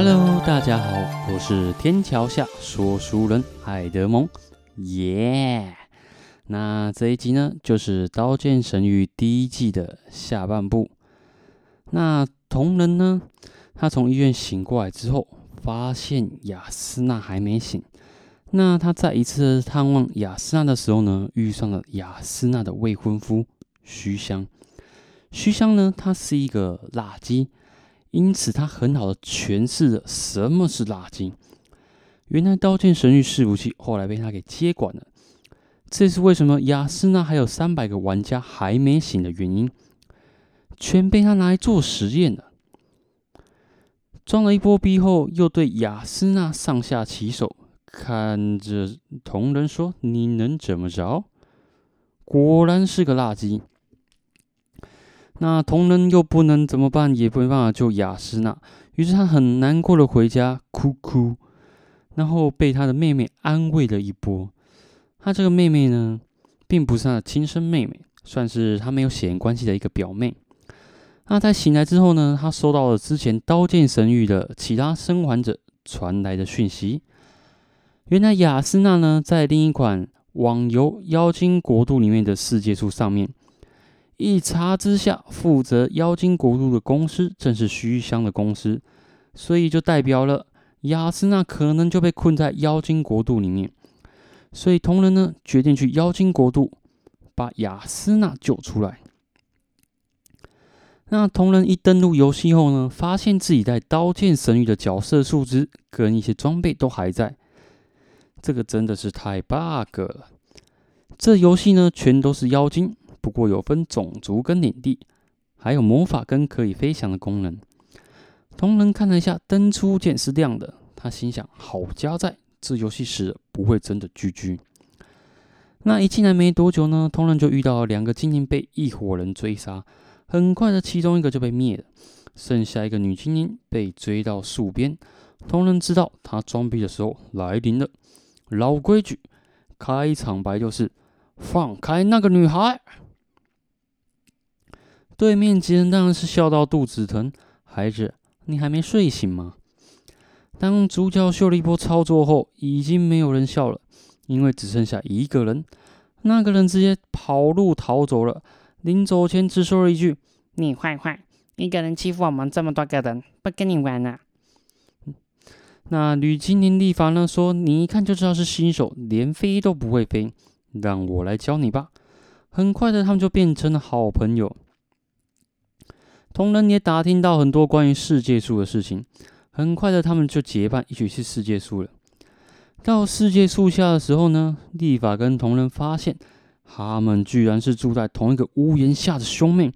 Hello，大家好，我是天橋下說書人海德蒙，耶、yeah！那這一集呢，就是《刀劍神域》第一季的下半部。那桐人呢，他從醫院醒過來之後，發現亞絲娜還沒醒。那他在一次探望亞絲娜的時候呢，遇上了亞絲娜的未婚夫須鄉。須鄉呢，他是一個垃圾。因此，他很好的詮釋了什麼是垃圾。原來刀劍神域伺服器後來被他給接管了，這是為什麼亞絲娜還有三百個玩家還沒醒的原因，全被他拿來做實驗了。裝了一波逼後，又對亞絲娜上下其手，看着桐人說：“你能怎麼着？”果然是個垃圾。那桐人又不能怎麼辦，也沒辦法救雅斯娜，於是他很難過的回家，哭哭，然後被他的妹妹安慰了一波。他這個妹妹呢，並不是他的親生妹妹，算是他沒有血緣關係的一個表妹。那在醒來之後呢，他收到了之前《刀劍神域》的其他生還者傳來的訊息。原來雅斯娜呢，在另一款網遊《妖精國度》裡面的世界樹上面。一查之下，負責妖精國度的公司正是須鄉的公司，所以就代表了亞絲娜可能就被困在妖精國度裡面。所以桐人呢決定去妖精國度把亞絲娜救出來。那桐人一登錄遊戲後呢，發現自己在刀劍神域的角色數值跟一些裝備都還在，這個真的是太 bug 了。這遊戲呢全都是妖精。不過有分種族跟領地，還有魔法跟可以飛翔的功能。桐人看了一下，登出鍵是亮的。他心想：好家在，這遊戲是不會真的 GG。那一進來沒多久呢，桐人就遇到兩個精靈被一夥人追殺。很快的，其中一個就被滅了，剩下一個女精靈被追到樹邊。桐人知道他裝逼的時候來臨了。老規矩，開場白就是：放開那個女孩。對面幾人當然是笑到肚子疼。孩子，你還沒睡醒嗎？當主角秀了一波操作後，已經沒有人笑了，因為只剩下一個人。那個人直接跑路逃走了。臨走前只說了一句：“你壞壞，一個人欺負我們這麼多個人，不跟你玩了啊。”那女精靈莉法呢？說：“你一看就知道是新手，連飛都不會飛，讓我來教你吧。”很快的，他們就變成了好朋友。桐人也打聽到很多關於世界樹的事情，很快的他們就結伴一起去世界樹了。到世界樹下的時候呢，莉法跟桐人發現，他們居然是住在同一個屋檐下的兄妹，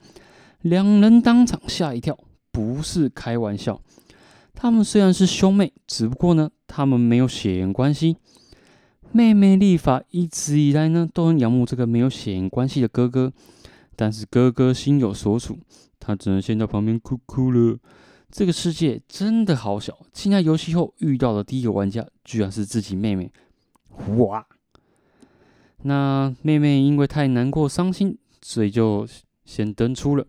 兩人當場嚇一跳，不是開玩笑。他們雖然是兄妹，只不過呢，他們沒有血緣關係。妹妹莉法一直以來呢，都很仰慕這個沒有血緣關係的哥哥。但是哥哥心有所屬，他只能先到旁邊哭哭了。這個世界真的好小！進來遊戲後遇到的第一個玩家，居然是自己妹妹。哇！那妹妹因為太難過、傷心，所以就先登出了。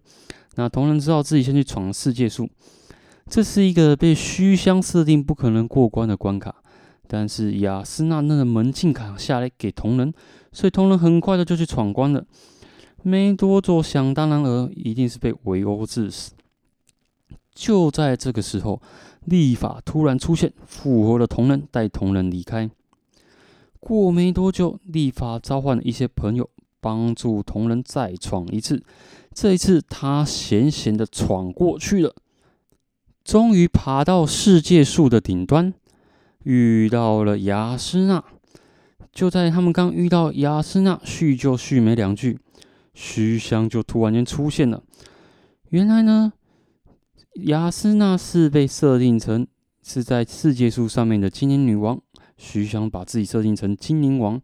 那桐人知道自己先去闖世界樹，這是一個被須鄉設定不可能過關的關卡。但是亞斯娜娜的門禁卡下來給桐人，所以桐人很快的就去闖關了。沒多久想當然耳，一定是被圍毆致死。就在這個時候，莉法突然出現，復活了桐人，帶桐人離開。過沒多久，莉法召喚了一些朋友，幫助桐人再闖一次。這一次，他險險的闖過去了，終於爬到世界樹的頂端，遇到了亞絲娜。就在他們剛遇到亞絲娜，敘舊敘沒兩句。須鄉就突然間出現了。原來呢，亞絲娜是被設定成是在世界樹上面的精靈女王，須鄉把自己設定成精靈王，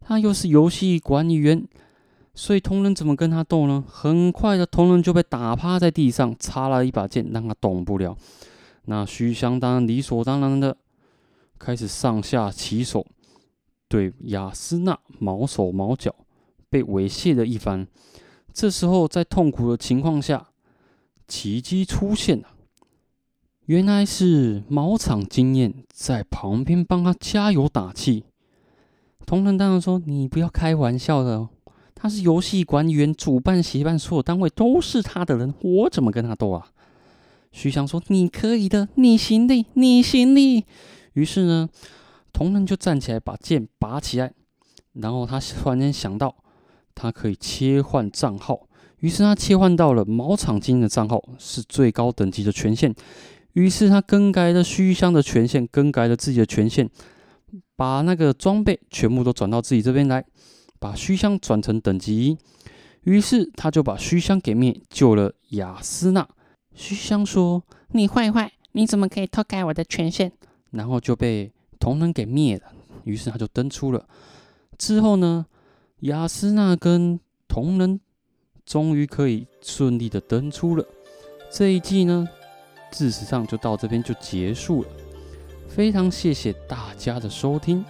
他又是遊戲管理員，所以桐人怎麼跟他鬥呢？很快的，桐人就被打趴在地上，插了一把劍讓他動不了。那須鄉當然理所當然的開始上下其手，對亞絲娜毛手毛腳。被猥褻了一番，這時候在痛苦的情況下，奇迹出現了。原來是茅場晶彥在旁邊幫他加油打氣。桐人當然說：“你不要開玩笑的，他是遊戲管理員，主辦協辦所有單位都是他的人，我怎麼跟他鬥啊？”須鄉說：“你可以的，你行的，你行的。”於是呢，桐人就站起來把劍拔起來，然後他突然間想到。他可以切換賬號，於是他切換到了茅場晶彥的賬號，是最高等級的權限。於是他更改了須鄉的權限，更改了自己的權限，把那個裝備全部都轉到自己這邊來，把須鄉轉成等級一。於是他就把須鄉給滅，救了亞絲娜。須鄉說：“你壞壞，你怎麼可以偷改我的權限？”然後就被桐人給滅了。於是他就登出了。之後呢？亞斯娜跟桐人終於可以順利的登出了，這一集呢，事實上就到這邊就結束了，非常謝謝大家的收聽。